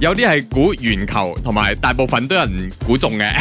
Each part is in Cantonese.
有啲係估圓球，同埋大部分都有人估中嘅，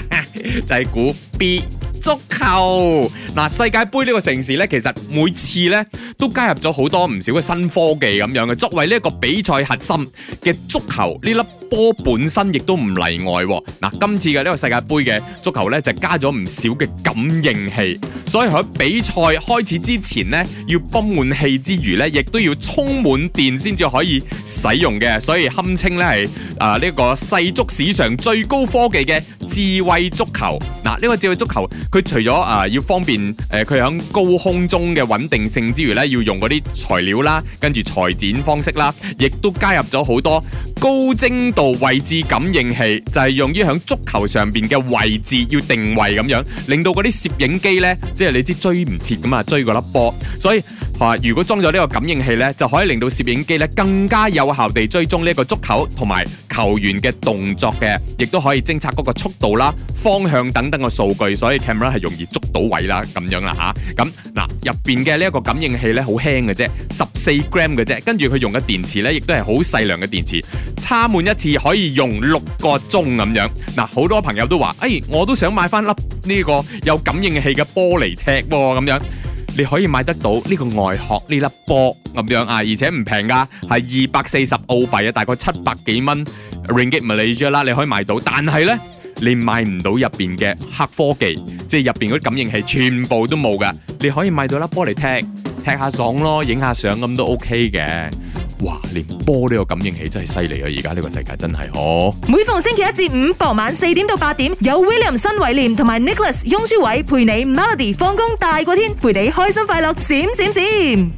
就係估 B 足球。嗱、啊，世界盃呢個城市呢，其實每次呢。都加入咗好多唔少嘅新科技咁樣嘅，作為呢一個比賽核心嘅足球呢粒波本身亦都唔例外。嗱，今次嘅呢個世界盃嘅足球咧就加咗唔少嘅感應器，所以喺比賽開始之前咧要泵滿氣之餘咧，亦都要充滿電先至可以使用嘅，所以堪稱咧係誒呢個世足史上最高科技嘅智慧足球。嗱，呢個智慧足球佢除咗誒要方便誒佢響高空中嘅穩定性之餘咧。要用嗰啲材料啦，跟住裁剪方式啦，亦都加入咗好多。高精度位置感應器就係用於喺足球上邊嘅位置要定位咁樣，令到嗰啲攝影機呢，即係你知追唔切咁啊，追嗰粒波。所以話、啊、如果裝咗呢個感應器呢，就可以令到攝影機呢更加有效地追蹤呢一個足球同埋球員嘅動作嘅，亦都可以偵測嗰個速度啦、方向等等嘅數據，所以 camera 係容易捉到位啦咁樣啦吓，咁，嗱，入邊嘅呢一個感應器呢，好輕嘅啫，十四 gram 嘅啫，跟住佢用嘅電池呢，亦都係好細量嘅電池。插滿一次可以用六個鐘咁樣，嗱，好多朋友都話，哎，我都想買翻粒呢個有感應器嘅波嚟踢喎咁樣，你可以買得到呢個外殼呢粒波咁樣啊，而且唔平噶，係二百四十澳幣啊，大概七百幾蚊，Ringgit Malaysia 啦，你可以買到，但係呢你買唔到入邊嘅黑科技，即係入邊嗰啲感應器全部都冇㗎，你可以買到粒波嚟踢，踢下爽咯，影下相咁都 OK 嘅。哇！連波都有感應器真，真係犀利啊！而家呢個世界真係，哦。每逢星期一至五傍晚四點到八點，有 William 新偉廉同埋 Nicholas 雍舒偉陪你 Melody 放工大過天，陪你開心快樂閃閃閃。閃閃閃